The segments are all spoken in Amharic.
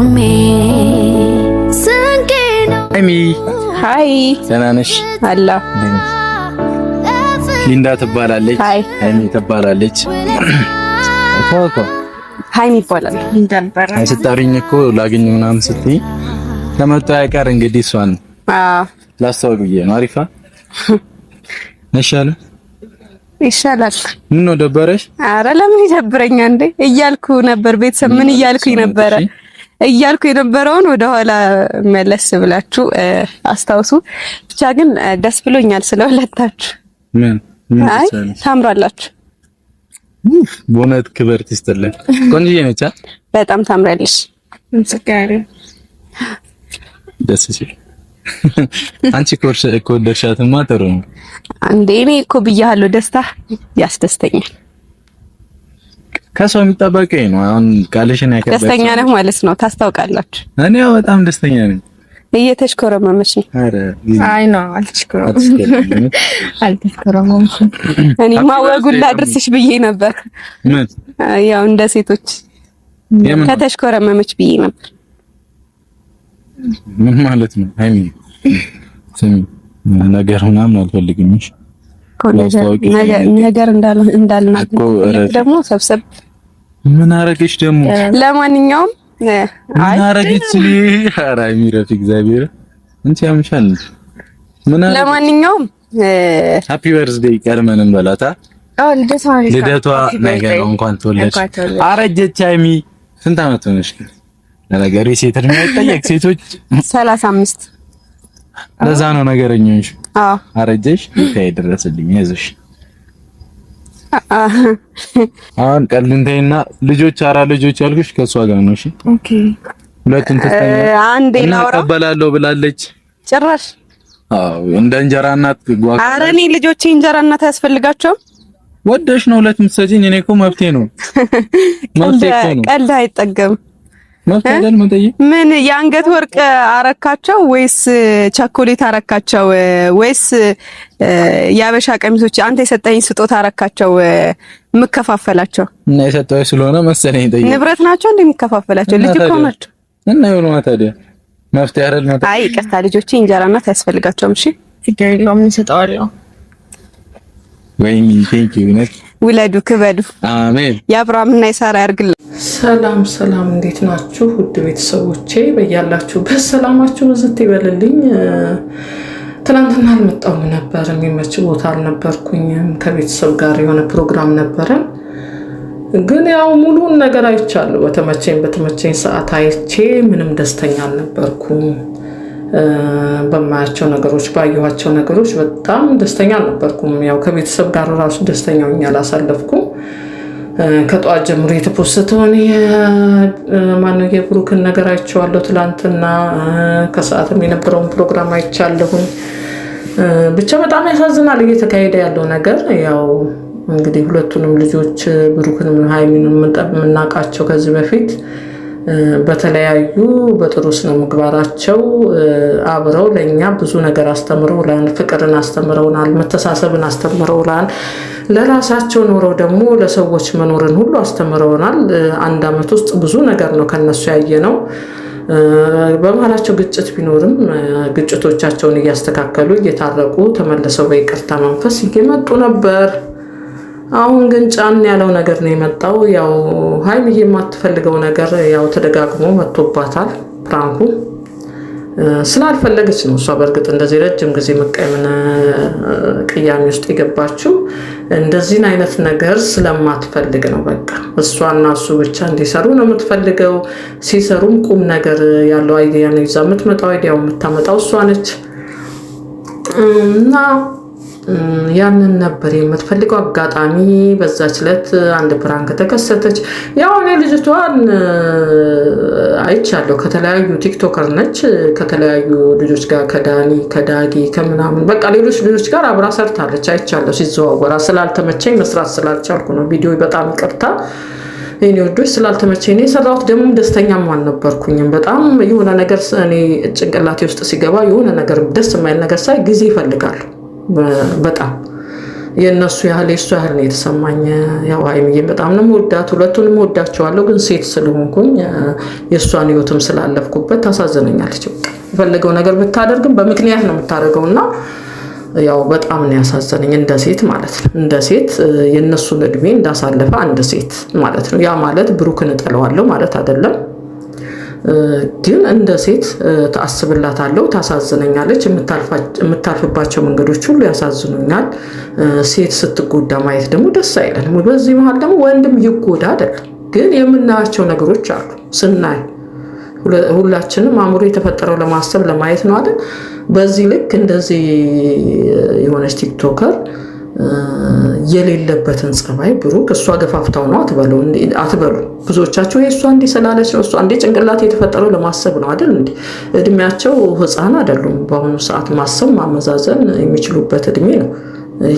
ቆሜ ሀይሚ ሀይ፣ ደህና ነሽ? አላ ሊንዳ ትባላለች። ሀይሚ ትባላለች። ታውቆ ሀይሚ ይባላል። ሊንዳ ይባላል። ስታሪኝ እኮ ላግኝ ምናምን ስትይ ከመጣው አይቀር እንግዲህ እሷን አዎ ላስታውቅ ነው። አሪፋ ነሻለ ይሻላል። ምን ነው ደበረሽ? አረ ለምን ይደብረኛ እንዴ እያልኩ ነበር። ቤተሰብ ምን እያልኩኝ ነበረ? እያልኩ የነበረውን ወደኋላ መለስ ብላችሁ አስታውሱ። ብቻ ግን ደስ ብሎኛል ስለሁለታችሁ። አይ ታምራላችሁ፣ በእውነት ክብር ትስጥልን። ቆንጆዬ ነች፣ በጣም ታምራለሽ። ደስ ሲል አንቺ ኮርሽ እኮ ደርሻትማ ጥሩ ነው እንዴ። እኔ እኮ ብያለሁ፣ ደስታ ያስደስተኛል። ከሰው የሚጠበቀኝ ነው። አሁን ቃልሽን ያከበረ ደስተኛ ነህ ማለት ነው። ታስታውቃላችሁ። እኔ በጣም ደስተኛ ነኝ። እየተሽኮረመመች ነው። አይ ነው አልተሽኮረመመችም፣ አልተሽኮረመመችም። እኔማ ወጉን ላድርስሽ ብዬ ነበር። ምን ያው እንደ ሴቶች ከተሽኮረመመች ብዬ ነበር። ምን ማለት ነው? አይሚ ስሚ፣ ነገር ምናምን አልፈልግም። ነገር እንዳል እንዳልና ደግሞ ሰብሰብ ምን አረገች ደግሞ? ለማንኛውም ምን አረገች? ኧረ የሚረፍ እግዚአብሔር እንት ያምሻል። ምን አረገች? ለማንኛውም ሃፒ በርዝዴይ ቀድመንም በላታ። አዎ ልደቷ ልደቷ ነገ ነው። እንኳን ተወለድሽ። አረጀች ሃይሚ። ስንት አመት ሆነሽ? ለነገሩ የሴት እድሜ አይጠየቅ። ሴቶች 35 ለዛ ነው ነገረኛሽ። አዎ አረጀሽ። ይታይ ድረስልኝ፣ ያዝሽ አሁን ቀልንተይና ልጆች አራ ልጆች ያልኩሽ ከሷ ጋር ነው። እሺ ኦኬ። ሁለቱን ተስተኛ አንዴ ላውራ እቀበላለሁ ብላለች። ጭራሽ አዎ፣ እንደ እንጀራ እናት ጓጉ። ኧረ እኔ ልጆቼ እንጀራ እናት አያስፈልጋቸውም። ወደሽ ነው ሁለት ምትሰጪኝ? እኔ እኮ መብቴ ነው። ቀልድ አይጠገም ምን የአንገት ወርቅ አረካቸው ወይስ ቸኮሌት አረካቸው ወይስ የአበሻ ቀሚሶች አንተ የሰጠኝ ስጦታ አረካቸው? የምከፋፈላቸው እና የሰጠው ስለሆነ መሰለኝ ጠይቅ። ንብረት ናቸው እንደ የምከፋፈላቸው ልጅ እኮ ናቸው። እና ይሁን ታዲያ መፍትሄ አይደል ነው። አይ ይቅርታ ልጆቼ እንጀራ እናት አያስፈልጋቸውም። እሺ ግዴለውም እንሰጠዋለሁ። ወይኔ ቴንኪው ነት ውለዱ ክበዱ። አሜን። የአብርሃምና የሳራ ያርግልን። ሰላም ሰላም፣ እንዴት ናችሁ ውድ ቤተሰቦቼ? በያላችሁበት ሰላማችሁ ብዝት ይበልልኝ። ትናንትና አልመጣሁም ነበር፣ የሚመች ቦታ አልነበርኩኝም። ከቤተሰብ ጋር የሆነ ፕሮግራም ነበረን፣ ግን ያው ሙሉን ነገር አይቻለሁ። በተመቸኝ በተመቸኝ ሰዓት አይቼ ምንም ደስተኛ አልነበርኩም። በማያቸው ነገሮች ባየኋቸው ነገሮች በጣም ደስተኛ አልነበርኩም። ያው ከቤተሰብ ጋር ራሱ ደስተኛ ሆኜ አላሳለፍኩም። ከጠዋት ጀምሮ የተፖሰተውን ማነው የብሩክን ነገር አይቼዋለሁ። ትላንትና ከሰዓትም የነበረውን ፕሮግራም አይቻለሁኝ። ብቻ በጣም ያሳዝናል እየተካሄደ ያለው ነገር። ያው እንግዲህ ሁለቱንም ልጆች ብሩክንም ሀይሚንም የምናውቃቸው ከዚህ በፊት በተለያዩ በጥሩ ስነ ምግባራቸው አብረው ለእኛ ብዙ ነገር አስተምረውላን፣ ፍቅርን አስተምረውናል፣ መተሳሰብን አስተምረውላል። ለራሳቸው ኖረው ደግሞ ለሰዎች መኖርን ሁሉ አስተምረውናል። አንድ አመት ውስጥ ብዙ ነገር ነው ከነሱ ያየ ነው። በመሀላቸው ግጭት ቢኖርም ግጭቶቻቸውን እያስተካከሉ እየታረቁ ተመልሰው በይቅርታ መንፈስ እየመጡ ነበር። አሁን ግን ጫን ያለው ነገር ነው የመጣው። ያው ሀይሚዬ የማትፈልገው ነገር ያው ተደጋግሞ መጥቶባታል። ፕራንኩ ስላልፈለገች ነው እሷ በእርግጥ እንደዚህ ረጅም ጊዜ መቀየምን ቅያሜ ውስጥ የገባችው እንደዚህን አይነት ነገር ስለማትፈልግ ነው። በቃ እሷና እሱ ብቻ እንዲሰሩ ነው የምትፈልገው። ሲሰሩም ቁም ነገር ያለው አይዲያ ነው ይዛ የምትመጣው። አይዲያው የምታመጣው እሷ ነች እና ያንን ነበር የምትፈልገው። አጋጣሚ በዛች ዕለት አንድ ፕራንክ ተከሰተች። ያው እኔ ልጅቷን አይቻለሁ። ከተለያዩ ቲክቶከር ነች፣ ከተለያዩ ልጆች ጋር ከዳኒ ከዳጊ ከምናምን በቃ ሌሎች ልጆች ጋር አብራ ሰርታለች። አይቻለሁ ሲዘዋወራ። ስላልተመቸኝ መስራት ስላልቻልኩ ነው። ቪዲዮ በጣም ይቅርታ እኔ ወዶች ስላልተመቸኝ ነው የሰራሁት። ደግሞ ደስተኛም አልነበርኩኝም። በጣም የሆነ ነገር እኔ ጭንቅላቴ ውስጥ ሲገባ የሆነ ነገር ደስ የማይል ነገር ሳይ ጊዜ ይፈልጋሉ በጣም የእነሱ ያህል የእሱ ያህል ነው የተሰማኝ። ያው ሀይሚዬን በጣም ነው የምወዳት፣ ሁለቱንም ወዳቸዋለሁ። ግን ሴት ስለሆንኩኝ የእሷን ህይወትም ስላለፍኩበት ታሳዝነኛለች። የፈለገው ነገር ብታደርግም በምክንያት ነው የምታደርገው እና ያው በጣም ነው ያሳዘነኝ። እንደ ሴት ማለት ነው እንደ ሴት የእነሱን እድሜ እንዳሳለፈ አንድ ሴት ማለት ነው። ያ ማለት ብሩክን እጠለዋለሁ ማለት አይደለም። ግን እንደ ሴት አስብላታለሁ። ታሳዝነኛለች። የምታልፍባቸው መንገዶች ሁሉ ያሳዝኑኛል። ሴት ስትጎዳ ማየት ደግሞ ደስ አይለንም። በዚህ መሀል ደግሞ ወንድም ይጎዳ አይደለም፣ ግን የምናያቸው ነገሮች አሉ። ስናይ ሁላችንም አእምሮ የተፈጠረው ለማሰብ ለማየት ነው አይደል? በዚህ ልክ እንደዚህ የሆነች ቲክቶከር የሌለበትን ጸባይ ብሩክ እሷ ገፋፍታው ነው አትበሉ። ብዙዎቻቸው እሷ እንዲህ ስላለች ነው እሷ እንዲህ ጭንቅላት የተፈጠረው ለማሰብ ነው አይደል? እንዲ እድሜያቸው ህፃን አይደሉም። በአሁኑ ሰዓት ማሰብ ማመዛዘን የሚችሉበት እድሜ ነው።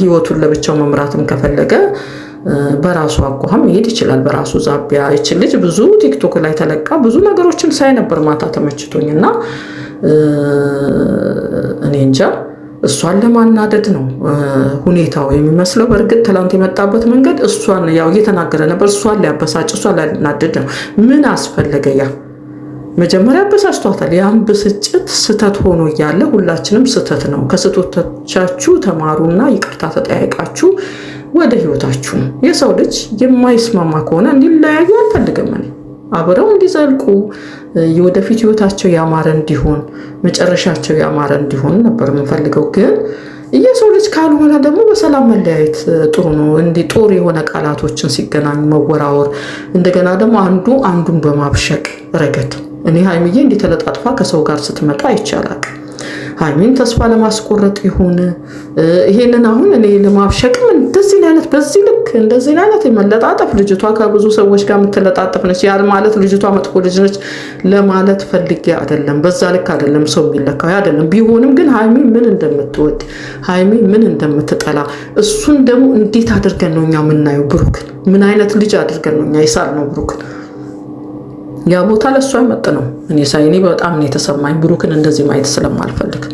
ህይወቱን ለብቻው መምራትም ከፈለገ በራሱ አቋም መሄድ ይችላል። በራሱ ዛቢያ ይችል ልጅ ብዙ ቲክቶክ ላይ ተለቃ ብዙ ነገሮችን ሳይ ነበር ማታ ተመችቶኝ እና እኔ እንጃ እሷን ለማናደድ ነው ሁኔታው የሚመስለው። በእርግጥ ትላንት የመጣበት መንገድ እሷን ያው እየተናገረ ነበር፣ እሷን ሊያበሳጭ እሷን ሊያናደድ ነው። ምን አስፈለገ? ያ መጀመሪያ አበሳጭቷታል። ያን ብስጭት ስህተት ሆኖ እያለ ሁላችንም ስህተት ነው፣ ከስህተቶቻችሁ ተማሩና ይቅርታ ተጠያይቃችሁ ወደ ህይወታችሁ። የሰው ልጅ የማይስማማ ከሆነ እንዲለያዩ አልፈልግም እኔ አብረው እንዲዘልቁ የወደፊት ህይወታቸው ያማረ እንዲሆን መጨረሻቸው ያማረ እንዲሆን ነበር የምንፈልገው። ግን የሰው ልጅ ካልሆነ ደግሞ በሰላም መለያየት ጥሩ ነው። እንዲህ ጦር የሆነ ቃላቶችን ሲገናኙ መወራወር፣ እንደገና ደግሞ አንዱ አንዱን በማብሸቅ ረገድ እኔ ሀይምዬ እንዲህ ተለጣጥፋ ከሰው ጋር ስትመጣ ይቻላል ሀይሚን ተስፋ ለማስቆረጥ ይሁን ይሄንን አሁን እኔ ለማብሸቅም እንደዚህ አይነት በዚህ ልክ እንደዚህ አይነት የመለጣጠፍ ልጅቷ ከብዙ ሰዎች ጋር የምትለጣጠፍ ነች። ያል ማለት ልጅቷ መጥፎ ልጅ ነች ለማለት ፈልጌ አይደለም። በዛ ልክ አይደለም ሰው የሚለካው አይደለም። ቢሆንም ግን ሀይሚ ምን እንደምትወድ ሀይሚ ምን እንደምትጠላ እሱን ደግሞ እንዴት አድርገን ነው እኛ የምናየው ብሩክን ምን አይነት ልጅ አድርገን ነው እኛ የሳል ነው ብሩክን ያ ቦታ ለእሱ አይመጥነው። እኔ ሳይኔ በጣም ነው የተሰማኝ ብሩክን እንደዚህ ማየት ስለማልፈልግ።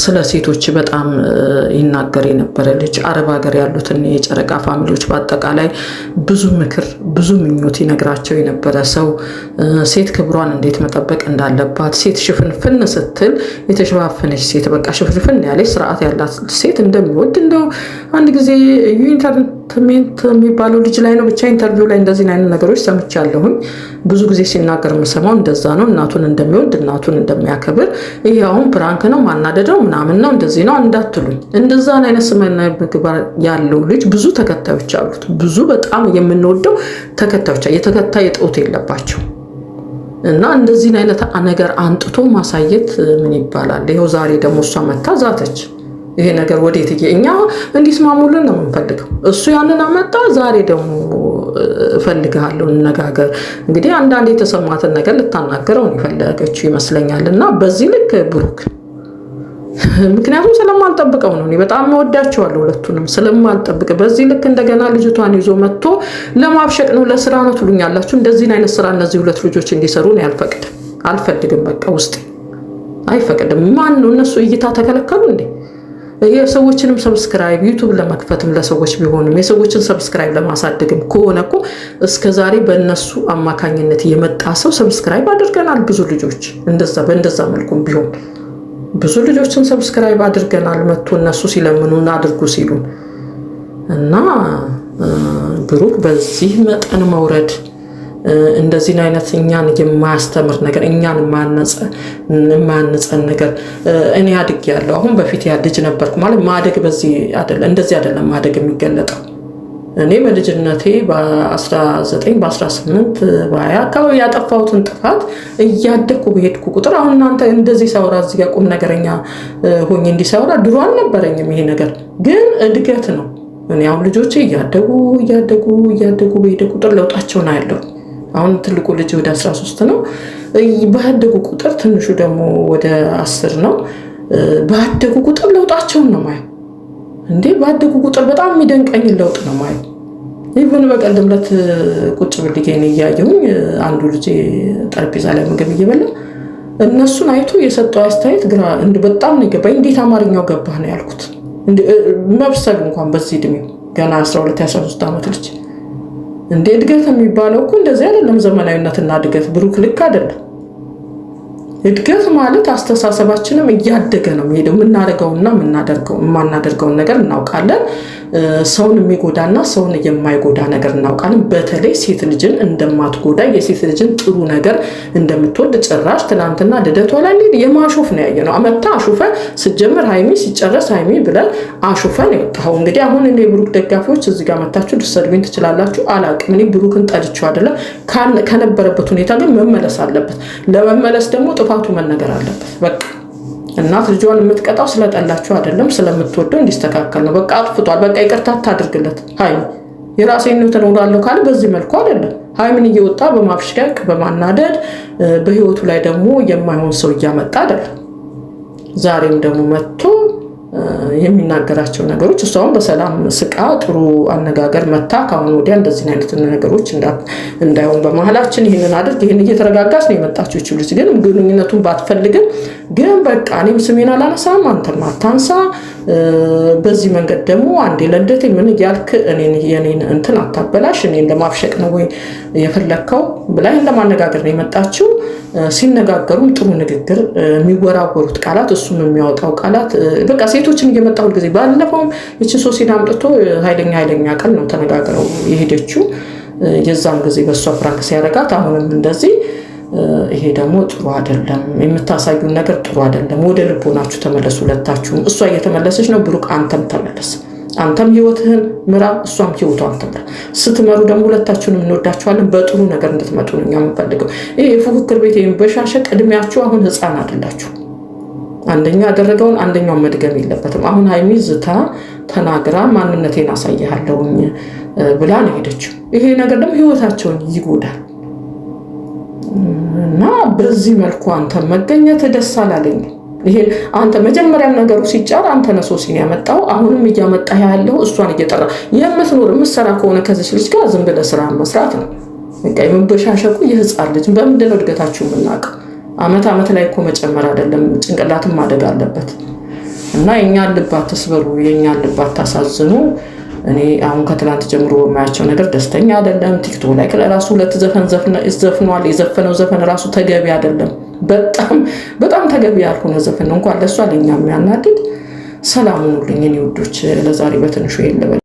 ስለ ሴቶች በጣም ይናገር የነበረ ልጅ አረብ ሀገር ያሉትን የጨረቃ ፋሚሊዎች በአጠቃላይ ብዙ ምክር፣ ብዙ ምኞት ይነግራቸው የነበረ ሰው ሴት ክብሯን እንዴት መጠበቅ እንዳለባት፣ ሴት ሽፍንፍን ስትል የተሸፋፈነች ሴት በቃ ሽፍንፍን ያለች ስርዓት ያላት ሴት እንደሚወድ እንደው አንድ ጊዜ ኢንተርኔት ትሜንት የሚባለው ልጅ ላይ ነው። ብቻ ኢንተርቪው ላይ እንደዚህ አይነት ነገሮች ሰምቻለሁኝ። ብዙ ጊዜ ሲናገር የምሰማው እንደዛ ነው። እናቱን እንደሚወድ እናቱን እንደሚያከብር፣ ይህ አሁን ፕራንክ ነው ማናደደው ምናምን ነው እንደዚህ ነው እንዳትሉኝ። እንደዛን አይነት ስመና ምግባር ያለው ልጅ ብዙ ተከታዮች አሉት። ብዙ በጣም የምንወደው ተከታዮች የተከታይ እጦት የለባቸው እና እንደዚህን አይነት ነገር አንጥቶ ማሳየት ምን ይባላል? ይኸው ዛሬ ደግሞ እሷ መታ ዛተች። ይሄ ነገር ወዴት እየ እኛ እንዲስማሙልን ነው የምንፈልገው። እሱ ያንን አመጣ። ዛሬ ደግሞ እፈልግሃለሁ እንነጋገር። እንግዲህ አንዳንድ የተሰማትን ነገር ልታናገረው የፈለገችው ይመስለኛል። እና በዚህ ልክ ብሩክ ምክንያቱም ስለማልጠብቀው ነው። እኔ በጣም እወዳቸዋለሁ ሁለቱንም ስለማልጠብቅ፣ በዚህ ልክ እንደገና ልጅቷን ይዞ መጥቶ ለማብሸቅ ነው ለስራ ነው ትሉኛላችሁ። እንደዚህን አይነት ስራ እነዚህ ሁለት ልጆች እንዲሰሩ ነው አልፈቅድም፣ አልፈልግም። በቃ ውስጤ አይፈቅድም። ማን ነው እነሱ እይታ ተከለከሉ እንዴ? የሰዎችንም ሰብስክራይብ ዩቱብ ለመክፈትም ለሰዎች ቢሆንም የሰዎችን ሰብስክራይብ ለማሳደግም ከሆነ እኮ እስከዛሬ በእነሱ አማካኝነት የመጣ ሰው ሰብስክራይብ አድርገናል። ብዙ ልጆች በእንደዛ መልኩም ቢሆን ብዙ ልጆችን ሰብስክራይብ አድርገናል። መቶ እነሱ ሲለምኑን አድርጉ ሲሉን እና ብሩክ በዚህ መጠን መውረድ እንደዚህን አይነት እኛን የማያስተምር ነገር እኛን የማያነጸን ነገር እኔ አድግ ያለው አሁን በፊት ያ ልጅ ነበርኩ ማለት ማደግ በዚህ አይደለም፣ እንደዚህ አይደለም ማደግ የሚገለጠው። እኔ በልጅነቴ በ19 በ18 በሀያ አካባቢ ያጠፋሁትን ጥፋት እያደግኩ በሄድኩ ቁጥር አሁን እናንተ እንደዚህ ሰውራ እዚህ ጋር ቁም ነገረኛ ሆኜ እንዲሰውራ ድሮ አልነበረኝም። ይሄ ነገር ግን እድገት ነው። እኔ አሁን ልጆቼ እያደጉ እያደጉ እያደጉ በሄደ ቁጥር ለውጣቸውን አያለሁ። አሁን ትልቁ ልጅ ወደ 13 ነው። ባደጉ ቁጥር ትንሹ ደግሞ ወደ አስር ነው። ባደጉ ቁጥር ለውጣቸውን ነው ማየው። እንዴ ባደጉ ቁጥር በጣም የሚደንቀኝ ለውጥ ነው ማየው። ይህን በቀደም ዕለት ቁጭ ብልጌን እያየሁኝ አንዱ ልጅ ጠረጴዛ ላይ ምግብ እየበላ እነሱን አይቶ የሰጠው አስተያየት ግራ በጣም ነው የገባኝ። እንዴት አማርኛው ገባህ ነው ያልኩት። መብሰል እንኳን በዚህ እድሜው ገና 12 13 ዓመት ልጅ እንዴ እድገት የሚባለው እኮ እንደዚህ አይደለም። ዘመናዊነትና እድገት ብሩክ ልክ አይደለም። እድገት ማለት አስተሳሰባችንም እያደገ ነው የሚሄደው። የምናደርገውና የማናደርገውን ነገር እናውቃለን። ሰውን የሚጎዳና ሰውን የማይጎዳ ነገር እናውቃለን። በተለይ ሴት ልጅን እንደማትጎዳ የሴት ልጅን ጥሩ ነገር እንደምትወድ ጭራሽ ትናንትና ልደቷ ላይ የማሾፍ ነው ያየ ነው አመታ አሹፈ ስጀምር ሀይሚ ሲጨረስ ሀይሚ ብለን አሹፈን ነው የወጣው። እንግዲህ አሁን እኔ ብሩክ ደጋፊዎች እዚህ ጋር መታችሁ ልትሰድቡኝ ትችላላችሁ፣ አላውቅም። እኔ ብሩክን ጠልቼው አይደለም። ከነበረበት ሁኔታ ግን መመለስ አለበት። ለመመለስ ደግሞ ጥፋቱ መነገር አለበት። በቃ እናት ልጇን የምትቀጣው ስለጠላችሁ አይደለም፣ ስለምትወደው እንዲስተካከል ነው። በቃ አጥፍቷል፣ በቃ ይቅርታ ታድርግለት። ሀይ የራሴን ነው እኖራለሁ ካለ በዚህ መልኩ አይደለም። ሀይሚን እየወጣ በማብሽቀቅ በማናደድ በህይወቱ ላይ ደግሞ የማይሆን ሰው እያመጣ አይደለም። ዛሬም ደግሞ መጥቶ የሚናገራቸው ነገሮች እሷም በሰላም ስቃ ጥሩ አነጋገር መታ ከአሁን ወዲያ እንደዚህ አይነት ነገሮች እንዳይሆን በመሀላችን ይህንን አድርግ ይህን እየተረጋጋች ነው የመጣችው። ልጅ ግን ግንኙነቱን ባትፈልግም ግን በቃ እኔም ስሜን አላነሳም አንተም አታንሳ በዚህ መንገድ ደግሞ አንዴ ለልደቴ ምን እያልክ እኔን የኔን እንትን አታበላሽ፣ እኔን ለማብሸቅ ነው ወይ የፈለግከው ብላ ለማነጋገር ነው የመጣችው። ሲነጋገሩም ጥሩ ንግግር፣ የሚወራወሩት ቃላት፣ እሱም የሚያወጣው ቃላት በቃ ሴቶችን እየመጣ ሁልጊዜ ባለፈውም ይችን ሶሲን አምጥቶ ኃይለኛ ኃይለኛ ቃል ነው ተነጋግረው የሄደችው። የዛም ጊዜ በእሷ ፍራንክ ሲያረጋት አሁንም እንደዚህ ይሄ ደግሞ ጥሩ አይደለም፣ የምታሳዩን ነገር ጥሩ አይደለም። ወደ ልቦናችሁ ተመለሱ ሁለታችሁም። እሷ እየተመለሰች ነው። ብሩክ አንተም ተመለስ። አንተም ህይወትህን ምራ፣ እሷም ህይወቷን ትምራ። ስትመሩ ደግሞ ሁለታችሁንም እንወዳችኋለን። በጥሩ ነገር እንድትመጡ ነው እኛ የምንፈልገው። ይህ የፉክክር ቤት ወይም በሻሸቅ እድሜያችሁ አሁን ህፃን አይደላችሁ። አንደኛ ያደረገውን አንደኛው መድገም የለበትም። አሁን ሀይሚ ዝታ ተናግራ ማንነቴን አሳይሃለሁኝ ብላ ነው ሄደችው። ይሄ ነገር ደግሞ ህይወታቸውን ይጎዳል። እና በዚህ መልኩ አንተ መገኘት ደስ አላለኝ። ይሄ አንተ መጀመሪያም ነገሩ ሲጫር አንተ ነህ ሶሲን ያመጣው፣ አሁንም እያመጣ ያለው እሷን እየጠራ የምትኖር የምትሰራ ከሆነ ከዚች ልጅ ጋር ዝም ብለህ ስራ መስራት ነው። የመበሻሸቁ የህፃን ልጅ በምንድን ነው እድገታችሁ የምናውቅ? አመት አመት ላይ እኮ መጨመር አይደለም ጭንቅላትም ማደግ አለበት። እና የእኛን ልብ አትስበሩ፣ የእኛን ልብ አታሳዝኑ። እኔ አሁን ከትናንት ጀምሮ የማያቸው ነገር ደስተኛ አይደለም። ቲክቶክ ላይ ለራሱ ሁለት ዘፈን ዘፍኗል። የዘፈነው ዘፈን ራሱ ተገቢ አይደለም። በጣም በጣም ተገቢ ያልሆነ ዘፈን እንኳን ለእሷ ለእኛ የሚያናድድ። ሰላም ሁኑልኝ እኔ ውዶች፣ ለዛሬ በትንሹ የለበል